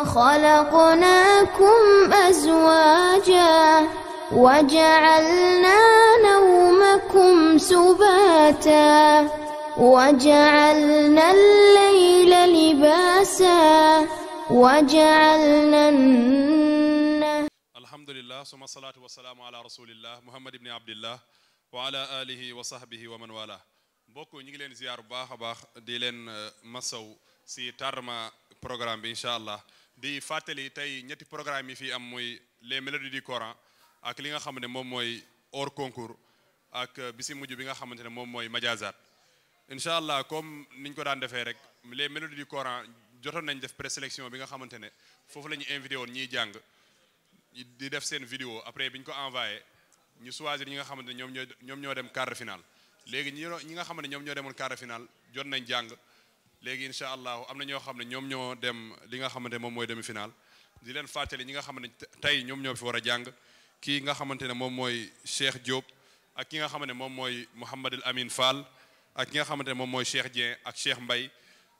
وخلقناكم أزواجا وجعلنا نومكم سباتا وجعلنا الليل لباسا وجعلنا النهار الحمد لله ثم الصلاة والسلام على رسول الله محمد بن عبد الله وعلى آله وصحبه ومن والاه mbokk ñi ngi leen ziyaar bu baax a baax di leen masaw si tarma programme bi incha allah di fàttali tey ñetti programme yi fii am mooy les mélodies du Coran ak li nga xam ne moom mooy hors concours ak bi si mujj bi nga xamante ne moom mooy majazat incha allah comme niñ ko daan defee rek les mélodies du Coran jotoon nañ def présélection bi nga xamante ne foofu la ñu invité woon ñiy jàng di def seen vidéo après bi ñu ko envoyé ñu choisir ñi nga xamante ñoom ñoo ñoom ñoo dem quart de finale léegi ñi ñi nga xamante ne ñoom ñoo demoon quart final jot nañ jàng léegi incha allahu am na ñoo xam ne ñoom ñoo dem li nga xamante moom mooy demi final di leen fàttali ñi nga xam ne tey ñoom ñoo fi war a jàng kii nga xamante ne moom mooy Cheikh Diop ak ki nga xamante ne moom mooy Mouhamadul Amin Fall ak ki nga xamante ne moom mooy Cheikh Dieng ak Cheikh mbay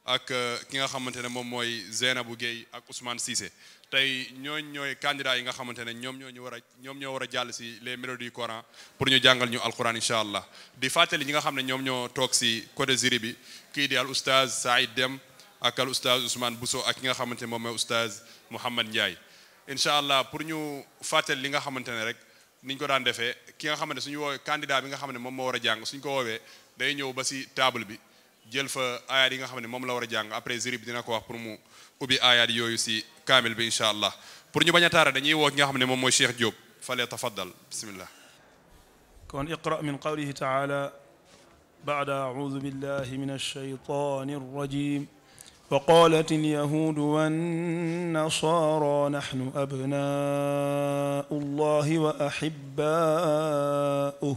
ak euh, ki nga xamante ne moom mooy Zeynabou Gueye ak Ousmane Cissé tey ñooñ ñooy candidats yi nga xamante ne ñoom ñoo ñu war a ñoom ñoo war a jàll si les mélodi du pour ñu jàngal ñu alquran incha allah di fàttali ñi nga xam ne ñoom ñoo toog si côté jury bi kii di al oustaz Saïd Dem ak al oustaz Ousmane Bousso ak ki nga xamante ne moom mooy oustaz Mouhamad Ndiaye incha allah pour ñu fàttali li nga xamante ne rek niñ ko daan defee ki nga xamante ne suñu woowee candidat bi nga xam ne moom moo war a jàng suñ ko woowee day ñëw ba si table bi jël fa aayaat yi nga xam ne moom la war a jàng après jury bi dina ko wax pour mu ubbi aayaat yooyu si kaamil bi incha allah pour ñu bañ a taara dañuy woo ki nga xam ne moom mooy Cheikh Diop fale tafaddal bismillah kon iqra min qawlihi taala bada audu billahi min alshaytan alrajim wa qalat alyahudu wannasara nahnu abnau allah wa ahibbauh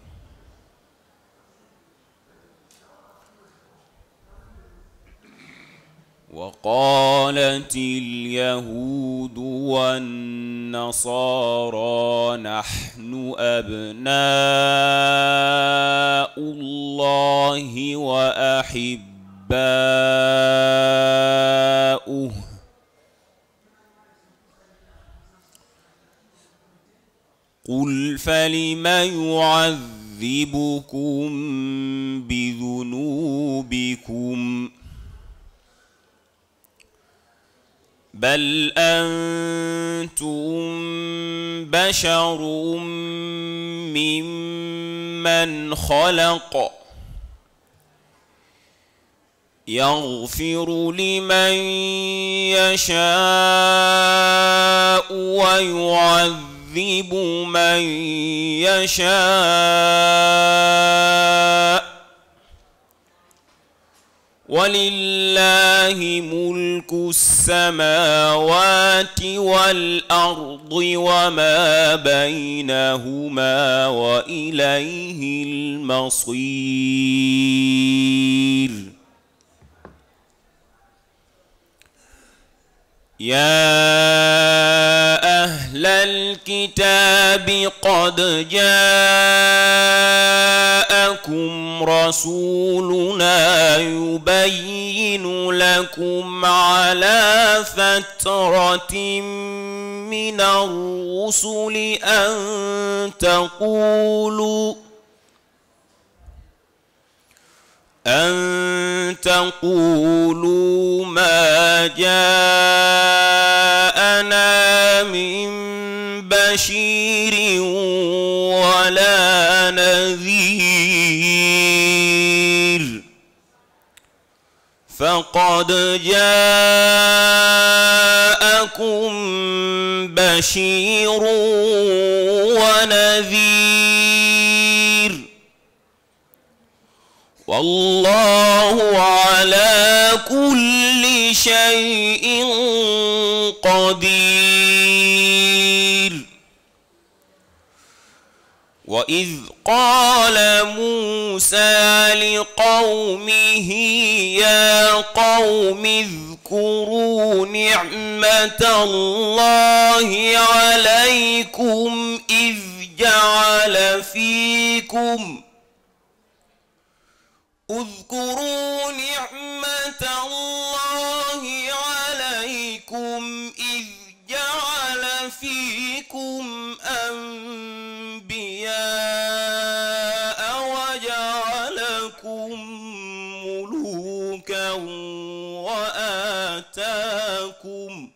وقالت اليهود والنصارى نحن أبناء الله وأحباؤه قل فلم يعذبكم بذنوبكم ؟ بل أنتم بشر ممن خلق يغفر لمن يشاء ويعذب من يشاء ولله ملك السماوات والأرض وما بينهما وإليه المصير يا أهل الكتاب قد جاءكم رسولنا يبين لكم على فترة من الرسل أن تقولوا أن تقولوا ما جاءنا من بشير ولا نذير فقد جاءكم بشير ونذير wallahu ala kulli shay'in qadir wa idh qala musa liqawmihi ya qawmi اذكروا نعمة الله عليكم إذ جعل فيكم اذكروا نعمة الله عليكم إذ جعل فيكم أنبياء وجعلكم ملوكا وآتاكم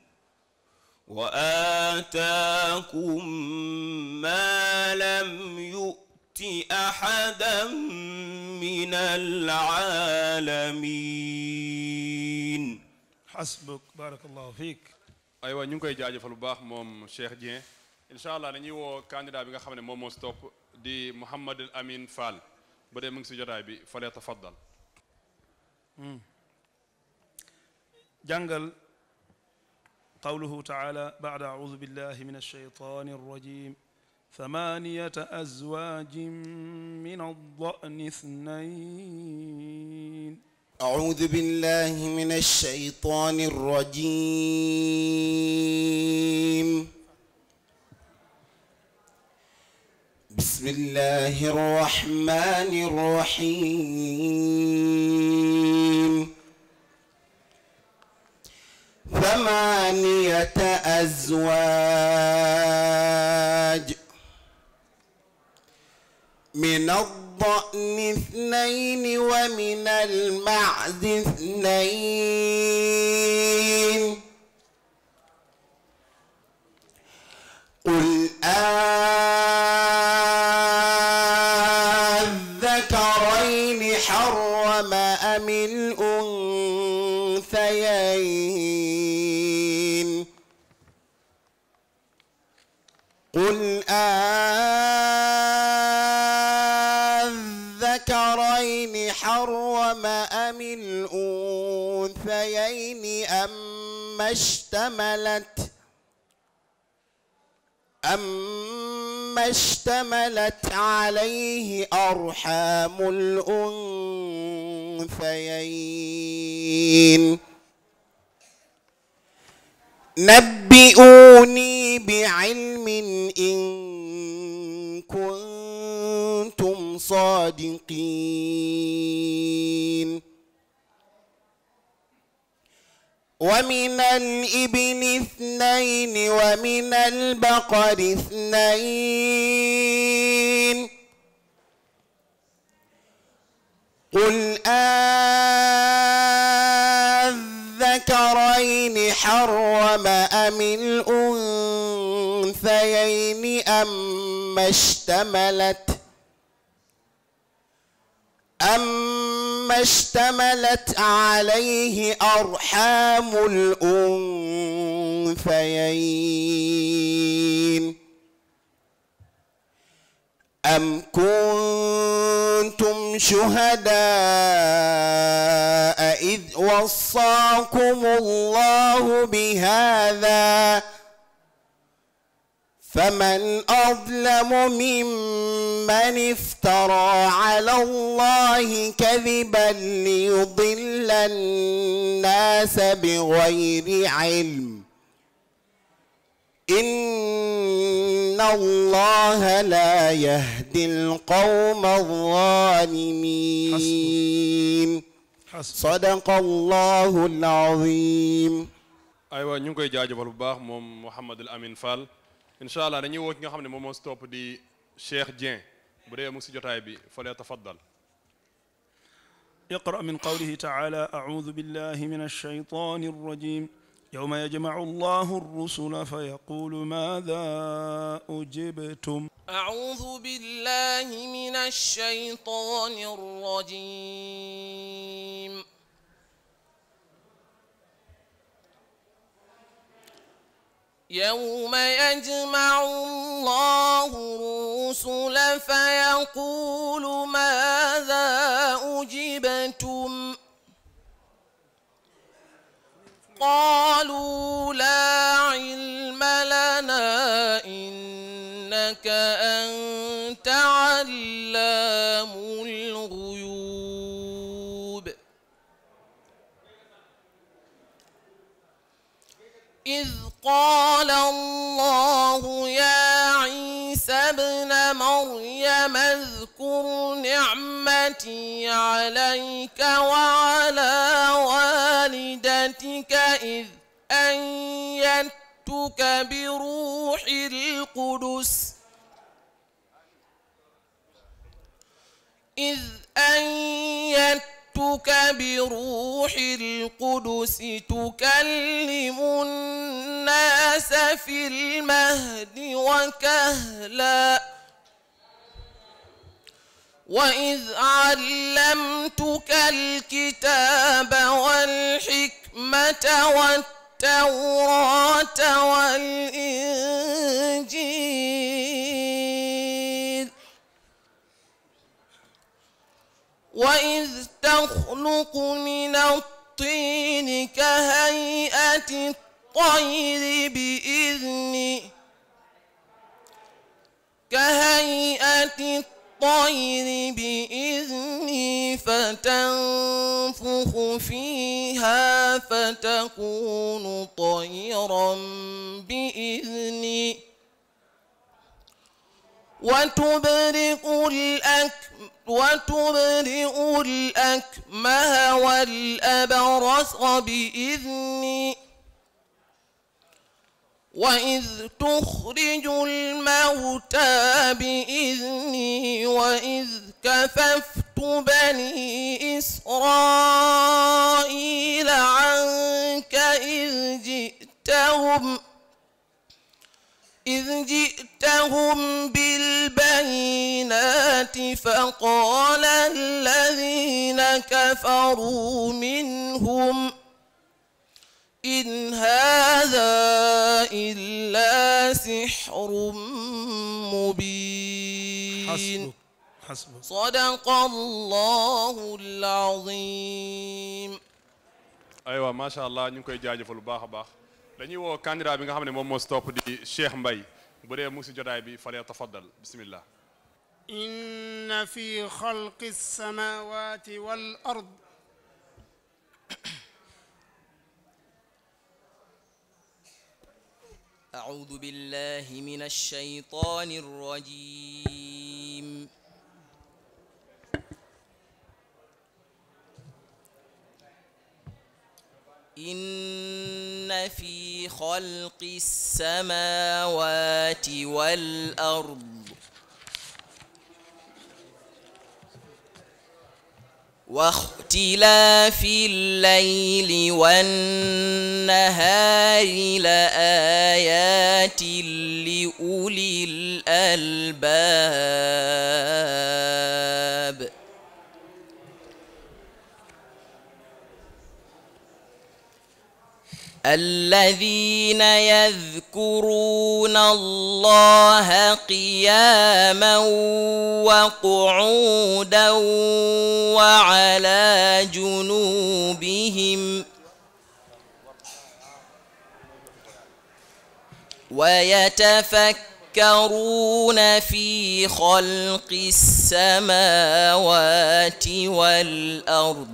وآتاكم ما من العالمين حسبك بارك الله فيك aywa ñu ngi koy jaajëfal bu baax moom Cheikh Dieng incha allah dañuy woo candidat bi nga xam ne moom moo stop di Mouhamadul Amin Fall ba dee mu ngi si jotaay bi falee tafaddal hmm. jàngal qawluhu taala baada audu billahi min alshaytani arrajim ثمانية أزواج من الضأن اثنين أعوذ بالله من الشيطان الرجيم بسم الله الرحمن الرحيم ثمانية أزواج من الضأن اثنين ومن المعز اثنين اشتملت أما اشتملت عليه أرحام الأنثيين نبئوني بعلم إن كنتم صادقين ومن الإبل اثنين ومن البقر اثنين قل أذكرين حرم أم الأنثيين أم اشتملت أما اشتملت عليه أرحام الأنثيين أم كنتم شهداء إذ وصاكم الله بهذا ؟ فمن أظلم ممن افترى على الله كذبا ليضل الناس بغير علم إن الله لا يهدي القوم الظالمين صدق الله العظيم aywa ñu ngi koy jaajëfal bu baax moom Mouhamadul Amine Fall incha allah dañuy woo ki nga xam ne moom moo si topp di Cheikh Dieng bu dee mu si jotaay bi fale tafaddal اقرأ من قوله تعالى أعوذ بالله من الشيطان الرجيم يوم يجمع الله الرسل فيقول ماذا أجبتم أعوذ بالله من الشيطان الرجيم يوم يجمع الله الرسل فيقول ماذا أجبتم قالوا لا علم لنا إنك أنت علام رحمتي عليك وعلى والدتك إذ أيدتك بروح القدس إذ أيدتك بروح القدس تكلم الناس في المهد وكهلاً وإذ علمتك الكتاب والحكمة والتوراة والإنجيل وإذ تخلق من الطين كهيئة الطير بإذني كهيئة الطير الطير بإذني فتنفخ فيها فتكون طيرا بإذني وتبرئ الأكمه وتبرئ الأكمه والأبرص بإذني وإذ تخرج الموتى بإذني وإذ كففت بني إسرائيل عنك إذ جئتهم إذ جئتهم بالبينات فقال الذين كفروا منهم إن هذا إلا سحر مبين حسبك صدق الله العظيم aywa macha allah ñu ngi koy jaajëfal bu baax a baax dañuy woo candidat bi nga xam ne moom moo si topp di Cheikh Mbaye bu dee mu si jotaay bi falee tafaddal bismillah inna fi xalqi samawati wal ard أعوذ بالله من الشيطان الرجيم إن في خلق السماوات والأرض واختلاف الليل والنهار لآيات آيات لأولي الألباب الذين يذكرون الله قياما وقعودا وعلى جنوبهم ۖ ويتفكرون في خلق السماوات والأرض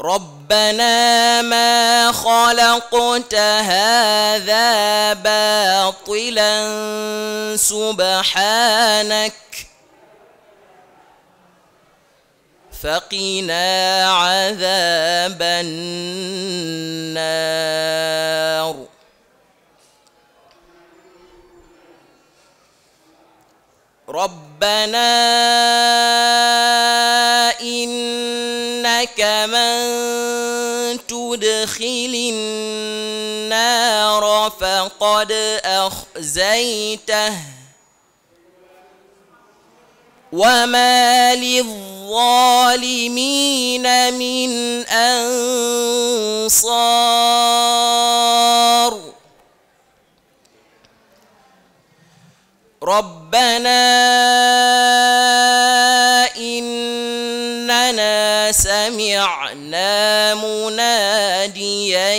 ربنا ما خلقت هذا باطلا سبحانك فقنا عذاب النار ربنا إنك من تدخل النار فقد أخزيته وما للظالمين للظالمين من أنصار ربنا إننا سمعنا مناديا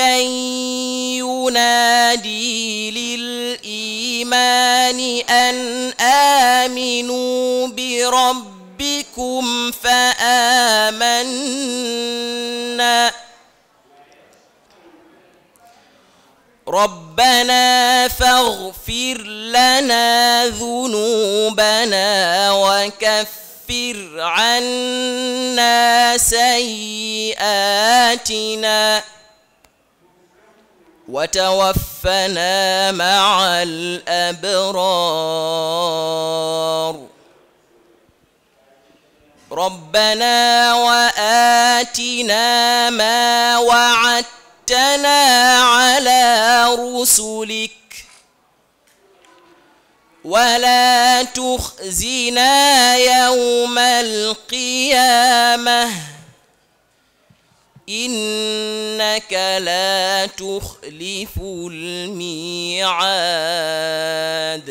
حيا ينادي للإيمان أن آمنوا بربكم فآمنا ربنا فاغفر لنا ذنوبنا وكفر عنا سيئاتنا وتوفنا مع الأبرار ربنا وآتنا ما وعدتنا على رسلك ولا تخزنا يوم القيامه innaka laa tuxlifu l-miicaad.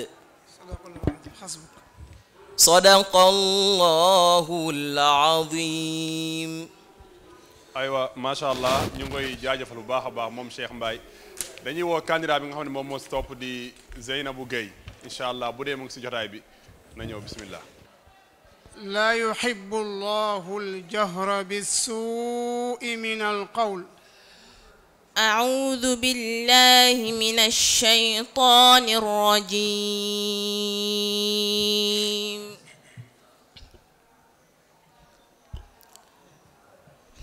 sadaqallaahu l-aziim. aywa macha allah ñu ngi koy jaajëfal bu baax a baax moom Cheikh Mbaye dañuy woo candidat bi nga xam ne moom moo si topp di Zeynabou Gueye incha allah bu dee mu ngi si jotaay bi na ñëw bismillah. لا يحب الله الجهر بالسوء من القول أعوذ بالله من الشيطان الرجيم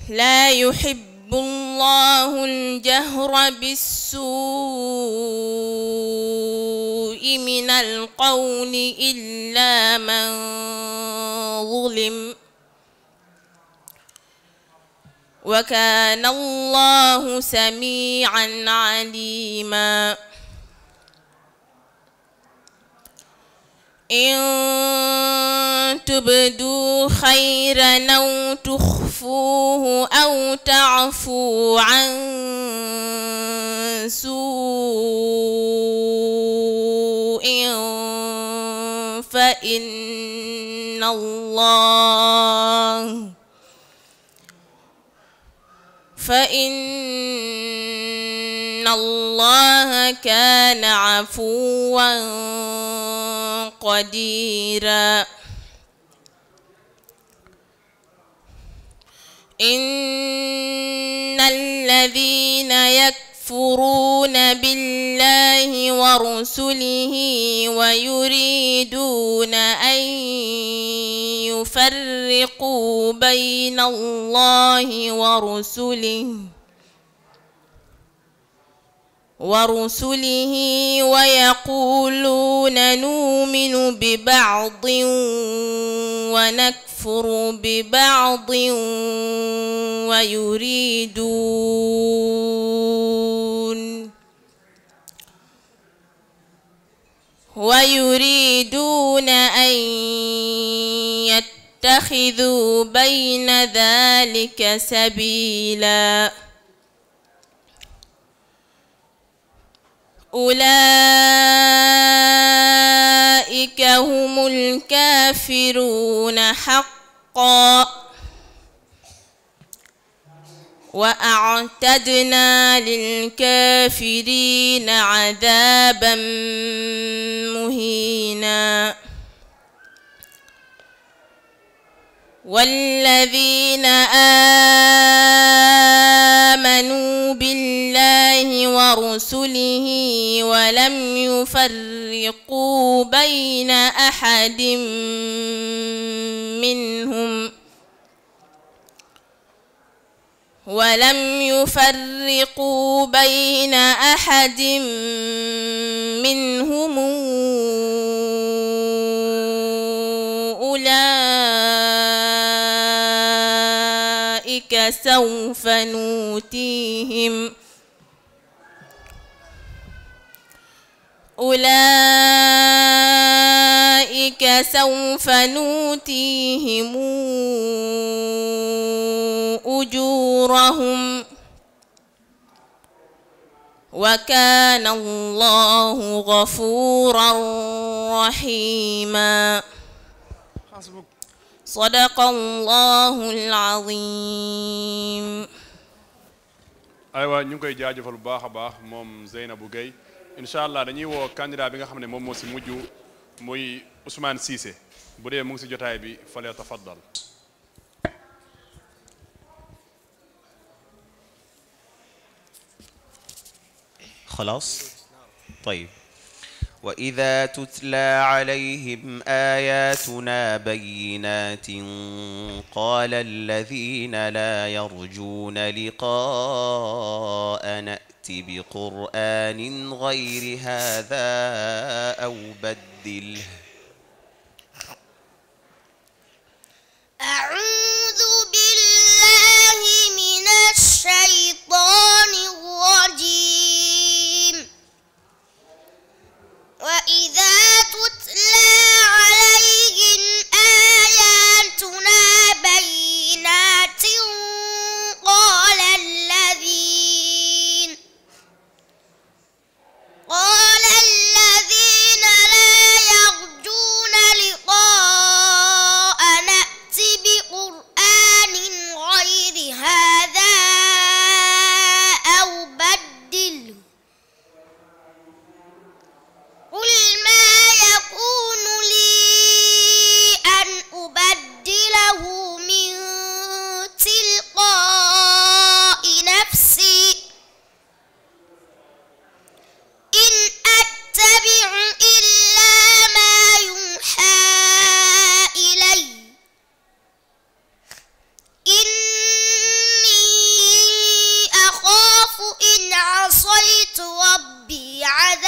لا يحب يحب الله الجهر بالسوء من القول إلا من ظلم وكان الله سميعا عليما إن تبدوا خيرا أو تخفوه أو تعفوا عن سوء فإن الله فإن الله كان عفوا قديرا إن الذين يكفرون بالله ورسله ويريدون أن يفرقوا بين الله ورسله ورسله ويقولون نؤمن ببعض ونكفر ببعض ويريدون ويريدون أن يتخذوا بين ذلك سبيلاً أولئك هم الكافرون حقا وأعتدنا للكافرين عذابا مهينا والذين آمنوا بالله ورسله ولم يفرقوا بين أحد منهم ولم يفرقوا بين أحد منهم أولئك ربك سوف نوتيهم أولئك سوف نوتيهم أجورهم وكان الله غفورا رحيما sadaqallahu alazim aywa ñu ngi koy jaajëfal bu baax a baax moom Zeynabou Gueye incha allah dañuy woo candidat bi nga xam ne moom moo si mujj muy Ousmane Cissé bu dee mu si jotaay bi fale tafaddal وإذا تتلى عليهم آياتنا بينات قال الذين لا يرجون لقاء نأت بقرآن غير هذا أو بدله دعيت ربي عذاب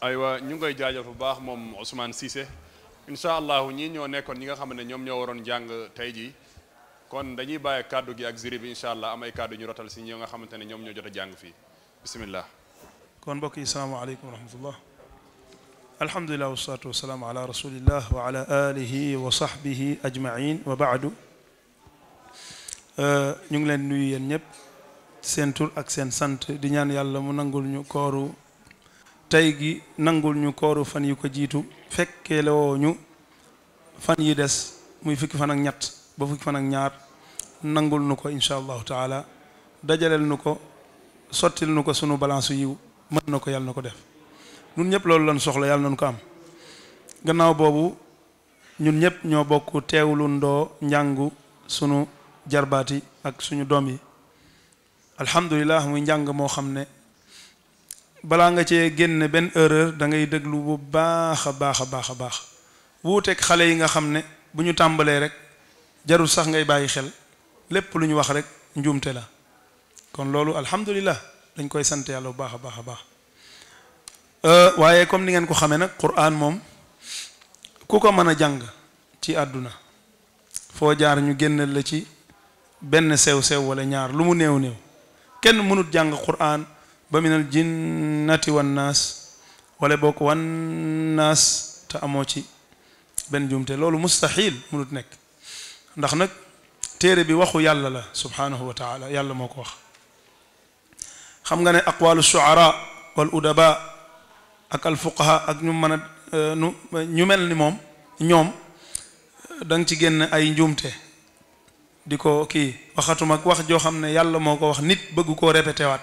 aywa ñu ngi koy jaajëf bu baax moom Ousmane Cissé incha allahu ñii ñoo nekkoon ñi nga xam ne ñoom ñoo waroon jàng tey jii kon dañuy bàyyi kàddu gi ak jury bi incha allah am ay kàddu ñu rotal si ñoo nga xamante ne ñoom ñoo jot a jàng fii bismillah kon mbokk yi salaamaaleykum wa rahmatullah alhamdulilah wasalaatu wasalaamu ala rasulillah wa ala alihi wa sahbihi ajmain wa baadu ñu ngi leen nuyu yéen ñëpp seen ak seen sant di ñaan yàlla mu nangul ñu kooru tey gi nangul ñu kooru fan yu ko jiitu fekkee lewoo ñu fan yi des muy fukki fan ak ñett ba fukki fan ak ñaar nangul nu ko incha allahu taala dajaleel nu ko sottil nu ko sunu balance yiw mën na ko yàlla na ko def ñun ñëpp loolu lan soxla yàlla nañu ko am gannaaw boobu ñun ñëpp ñoo bokk teewlu ndoo njàngu sunu jarbaati ak suñu doom yi alhamdulilah muy njàng moo xam ne balaa nga cee génn benn erreur da ngay déglu bu baax a baax a baax a baax wuuteeg xale yi nga xam ne bu ñu tàmbalee rek jarul sax ngay bàyyi xel lépp lu ñu wax rek njuumte la kon loolu alhamdulilah dañ koy sant yàlla bu baax a baax a baax euh, waaye comme ni ngeen ko xamee nag Qur'an moom ku ko mën a jàng ci àdduna foo jaar ñu génn la ci benn sew sew wala ñaar lu mu néew néew kenn mënut jàng Qur'an. ba minal jinnati wan naas wala bokk wan naas te amoo ci benn jumte loolu mustaxiil munut nekk ndax nag téere bi waxu yàlla la subhaanahu wa yàlla moo ko wax xam nga ne aqwalu shuara wal udaba ak al fuqaha ak ñu mën a eh, nu mel ni moom ñoom da nga ci génn ay njuumte di ko kii waxatum ak wax joo xam ne yàlla moo ko wax nit bëggu koo répété waat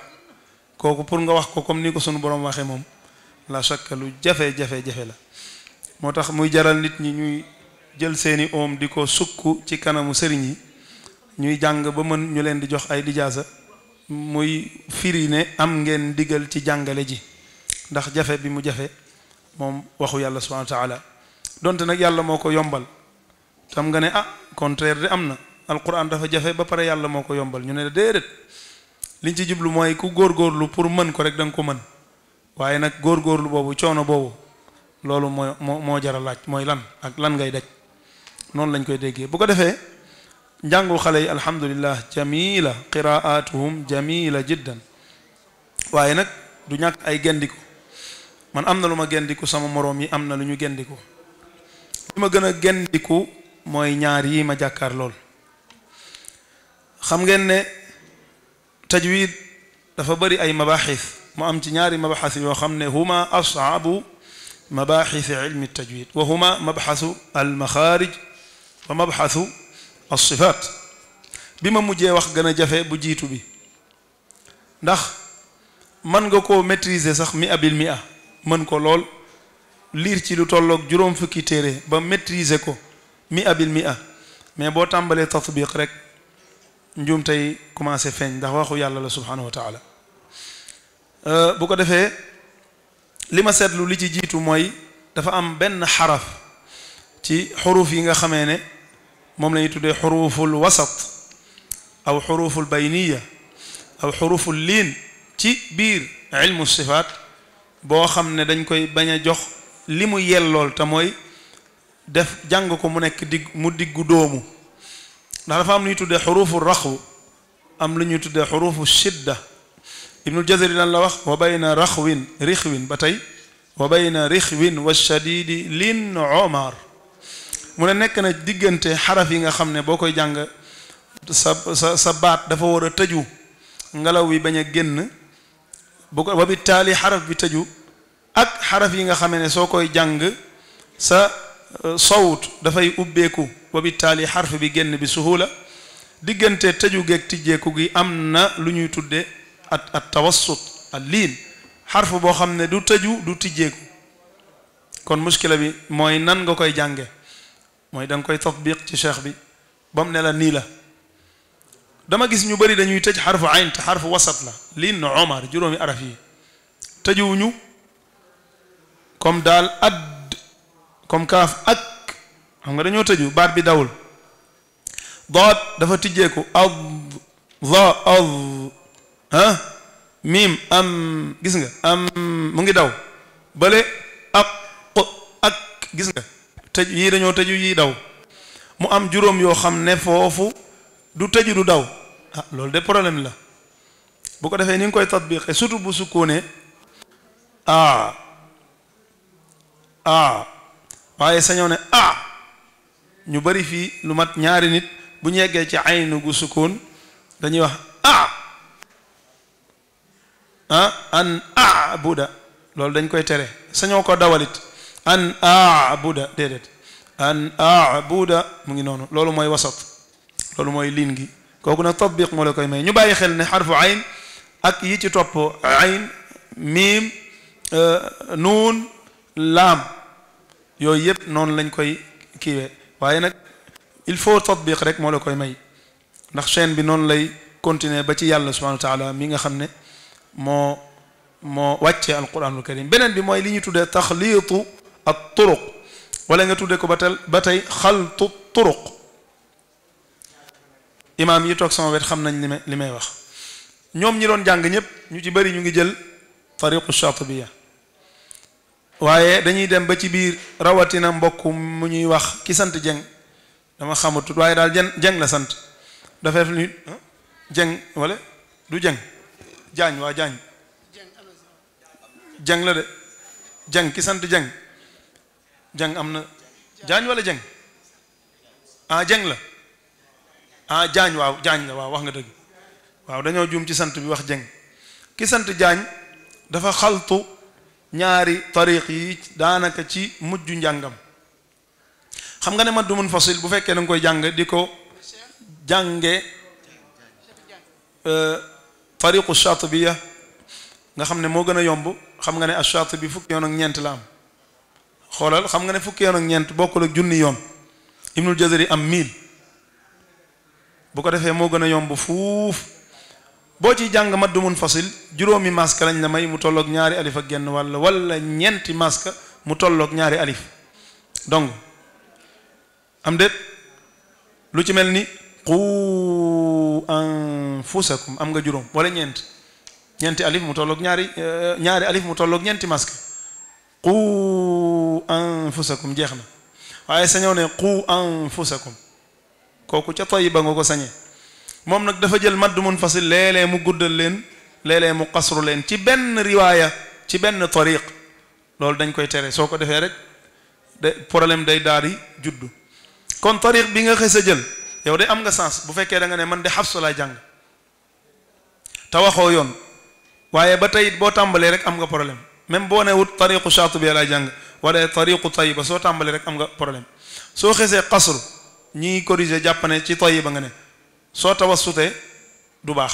kooku pour nga wax ko comme ni ko sunu borom waxee moom la shakka lu jafe-jafe-jafe la moo tax muy jaral nit ñi ñuy jël seeni om di ko sukk ci kanamu sëriñ yi ñuy jàng ba mën ñu leen di jox ay dijaasa muy firi ne am ngeen digal ci jàngale ji ndax jafe bi mu jafe moom waxu yàlla subhanahu wa taala donte nag yàlla moo ko yombal tam nga ne ah contraire de am na alquran dafa jafe ba pare yàlla moo ko yombal ñu ne déedéet liñ ci jublu mooy ku góorgóorlu pour mën ko rek da ko mën waaye nag góor góorlu boobu coono boobu loolu moo moo moo laaj mooy lan ak lan ngay daj noonu lañ koy déggee bu ko defee njàngu xale yi alhamdulillah jamila qiraatuhum jamila jiddan waaye nag du ñàkk ay gendiku man am na lu ma gendiku sama moroom yi am na lu ñu gendiku lu ma gën a gendiku mooy ñaar yii ma jàkkaar lool xam ngeen ne tajwid dafa bëri ay mabaxis mu am ci ñaari mabaxas yoo xam ne huma asaabu mabaxisi ilmi tajwid wa huma mabxasu almaxaarij wa mabxasu alsifaat bi ma mujjee wax gën jafe bu jiitu bi ndax mën nga ko maîtriser sax mi abil mi a mën ko lool liir ci lu tollook juróom fukki téere ba maîtriser ko mi abil mi a mais boo tàmbalee tatbiq rek njuum tey commencé feeñ ndax waxu yàlla la subhanahu wa taala euh, bu ko defee li ma seetlu li ci jiitu mooy dafa am benn xaraf ci xuruuf yi nga xamee ne moom lañuy tuddee xuruuful wasat aw xuruuful bayniya aw xuruuful liin ci biir ilmu sifaat boo xam ne dañ koy bañ a jox li mu yellool te mooy def jàng ko mu nekk digg mu diggu doomu ndax dafa am lu ñuy tuddee xurufu raxwu am lu ñuy tuddee xurufu shidda ibnul jazari lan la wax wa bayna raxwin rixwin ba tey wa bayna rixwin wa shadidi lin omar mu ne nekk na diggante xaraf yi nga xam ne boo koy jàng sa sa baat dafa war a tëju ngelaw wi bañ a génn bu ko ba bi xaraf bi tëju ak xaraf yi nga xam ne soo koy jàng sa euh, sowut dafay ubbeeku wa bittaali xarf bi génn bi suhula diggante tëju geeg tijjeeku gi am na lu ñuy tudde at at tawassut al liin xarf boo xam ne du tëju du tijjeeku kon muskila bi mooy nan nga koy jànge mooy da nga koy tatbiq ci cheikh bi ba mu ne la nii la dama gis ñu bari dañuy tëj xarfu ayn te xarfu wasat la liin na omar juróomi araf yi tëjuwuñu comme daal add comme kaaf ak xam nga dañoo tëju baat bi dawul doot dafa tijjeeku ad za miim am gis nga am mu ngi daw bale ak ak gis nga tëj yii dañoo tëju yii daw mu am juróom yoo xam ne foofu du tëju du daw ah loolu de problème la bu ko defee ni nga koy tatbiqe surtout bu sukkoonee ah ah waaye sañoo ne ah ñu bari fii lu mat ñaari nit bu ñu yeggee ci aynu gu sukkoon dañuy wax a ah an abuda loolu dañ koy tere sañoo ko dawalit an abuda déedéet an abuda mu ngi noonu loolu mooy wasat loolu mooy liin gi kooku nag tatbiq moo la koy may ñu bàyyi xel ne xarfu ayn ak yi ci topp ayn miim euh, nuun laam yooyu yëpp noonu lañ koy kiiwee waaye nag il faut tatbiq rek moo la koy may ndax chaîne bi noonu lay continuer ba ci yàlla subhanahu wa mi nga xam ne moo moo wàccee alquranul karim beneen bi mooy li ñu tuddee taxliitu at turuq wala nga tuddee ko ba tel ba tey xaltu turuq imaam yi toog sama wet xam nañ li may li may wax ñoom ñi doon jàng ñëpp ñu ci bari ñu ngi jël tariqu shatibiya waaye dañuy dem ba ci biir rawatina mbokk mu ñuy wax ki sant jeng dama xamatut waaye daal jeng jeng la sant dafay lu du jeng jaañ waa jaañ jeng la sant jeng jeng am na jaañ wala jeng ah jeng la ah jaañ waaw jaañ la waaw wax nga dëgg waaw dañoo juum ci sant wax jeng dafa xaltu ñaari tariq yi daanaka ci mujj njàngam xam nga ne maddu munfasil bu fekkee da koy jàng di ko jànge euh, tariqu shatibiya nga xam ne moo gën a yomb xam nga ne ak ash bi fukki yoon ak ñeent la am xoolal xam nga ne fukki yoon ak ñeent bokkul ak junni yoon ibnul jazari am mil bu ko defee moo gën a yomb fuuf boo ci jàng maddu mun fasil juróomi masque lañ la may mu tolloog ñaari alif ak genn wàll wala ñeenti masque mu tollook ñaari alif donc am déet lu ci mel ni qu anfusakum am nga juróom wala ñeent ñeenti alif mu tollook ñaari euh, ñaari alif mu tolloog ñeenti masque qu anfusakum jeex na waaye sañoo ne qu anfusakum kooku ca tayiba nga ko sañee moom nag dafa jël madd munfasil léeg-léeg mu guddal leen léeg mu xasru leen ci benn riwaaya ci benn tariq loolu dañ koy tere soo ko defee rek de problème day daal juddu kon tariq bi nga xës a jël yow de am nga sens bu fekkee da nga ne man di xafsu laa jàng te waxoo yoon waaye ba tey boo tàmbalee rek am nga problème même boo ne wut tariqu Shaatibi laa jàng wala tariqu Tayyiba soo tàmbalee rek am nga problème soo xësee xasru ñi corriger jàpp ne ci Tayyiba nga ne soo tawassutee du baax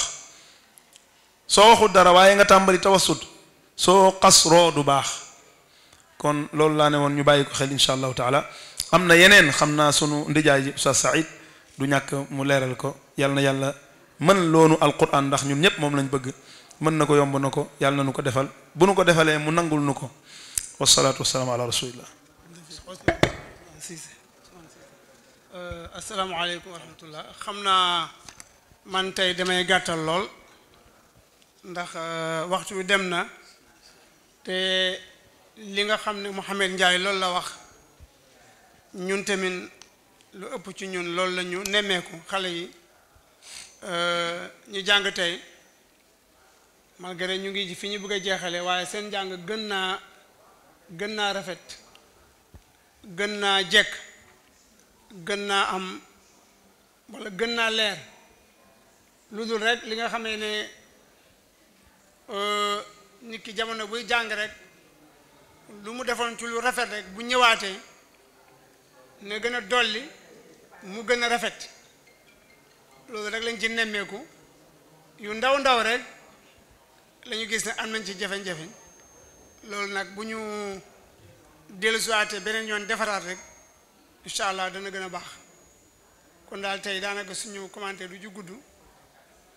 soo waxut dara waaye nga tàmbali tawassut soo xasroo du baax kon loolu laa ne woon ñu bàyyi ko xel insha allahu taala am na yeneen xam naa suñu ndijaay sa Oustaz du ñàkk mu leeral ko yal na yàlla mën loonu alquran ndax ñun ñépp moom lañ bëgg mën na ko yomb na ko yàlla na nu ko defal bu nu ko defalee mu nangul nu ko wasalaatu wasalaam ala rasulillah Euh, asalaamaaleykum wa rahmatullah xam naa man tey damay gàttal lool ndax euh, waxtu wi dem na te li nga xam ne Mouhamed Ndiaye loolu la wax ñun tamit lu ëpp ci ñun loolu lañu ñu nemmeeku xale yi euh, ñu jàng tey malgré ñu ngi fi ñu bëgg a jeexale waaye seen jàng gën naa gën naa rafet gën naa jekk gën naa am wala gën naa leer lu dul rek li nga xamee ne euh, nit ki jamono buy jàng rek lu mu defoon ci lu rafet rek bu ñëwaatee ne gën a dolli mu gën a rafet loolu rek lañ ci nemmeeku yu ndaw ndaw rek lañu gis ne am nañ ci jafe-jafe loolu nag bu ñu dellusiwaatee beneen yoon defaraat rek incha allah dana gën a baax kon daal tey daanaka suñu commenté du ju gudd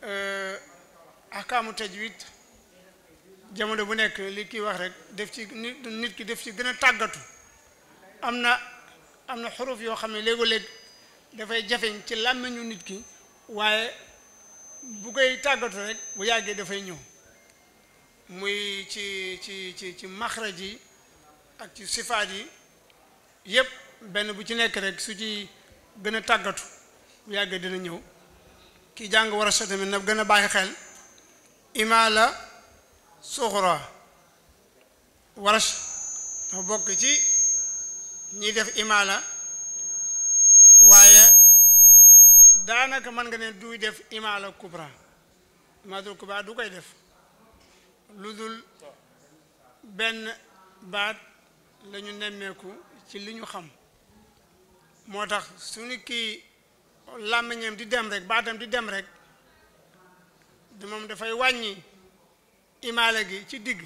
eh, ahkaamu tajwid jamono bu nekk li kii wax rek def ci nit ki def ci gën a tàggatu am na am na xuruf yoo xam ne léego-léeg dafay jafeñ ci làmmiñu nit ki waaye bu koy tàggatu rek bu yàggee dafay ñëw muy ci ci ci ci maxraj ji ak ci sifaat yi yépp benn bu ci nekk rek su ci gën a tàggatu bu yàggee dina ñëw ki jàng war a tamit na gën a bàyyi xel ima la suxra warash bokk ci ñiy def ima waaye daanaka mën nga ne duy def ima la kubra imatul du koy def lu dul benn baat la ñu nemmeeku ci li ñu xam moo tax su nit kii làmmiñam di dem rek baatam di dem rek moom dafay wàññi imaale gi ci digg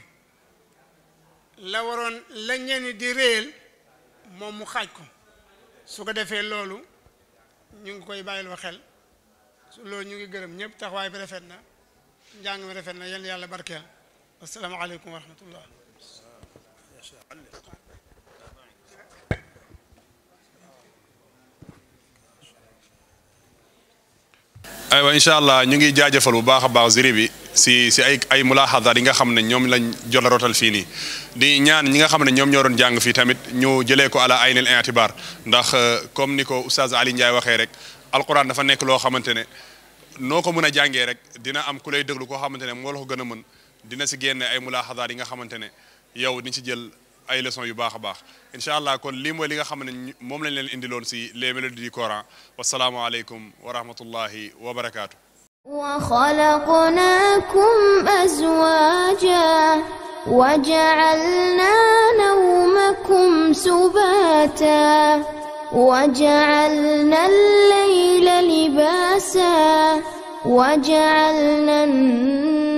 la waroon la ñenn di réel moom mu xaaj ko su ko defee loolu ñu ngi koy bàyyiloo xel su loolu ñu ngi gërëm ñëpp taxawaay bi rafet na njàng mi rafet na yéen yàlla barkeel asalaamaaleykum wa rahmatullah aywa incha allah ñu ngi jaajëfal bu baax a baax jury bi si si ay ay mulaaxada yi nga xam ne ñoom lañ jot a nii di ñaan ñi nga xam ne ñoom ñoo doon jàng fii tamit ñu jëlee ko ala aynil intibaar ndax euh, comme ni ko oustaz Ali Ndiaye waxee rek alquran dafa nekk loo xamante ne noo ko mën a jàngee rek dina am ku lay déglu koo xamante ne moo la ko gën a mën dina si génne ay mulaaxada yi nga xamante ne yow di ci jël. ay leçons yu baax a baax incha allah kon lii mooy li nga xam ne moom lañ leen indiloon si les mélodies du Coran wasalaamualeykum wa rahmatullahi wa barakaatu. wa xalaqnaakum azwaajan wa ja'alnaa nawmakum subaatan wa ja'alnaa al-layla libaasan wa ja'alnaa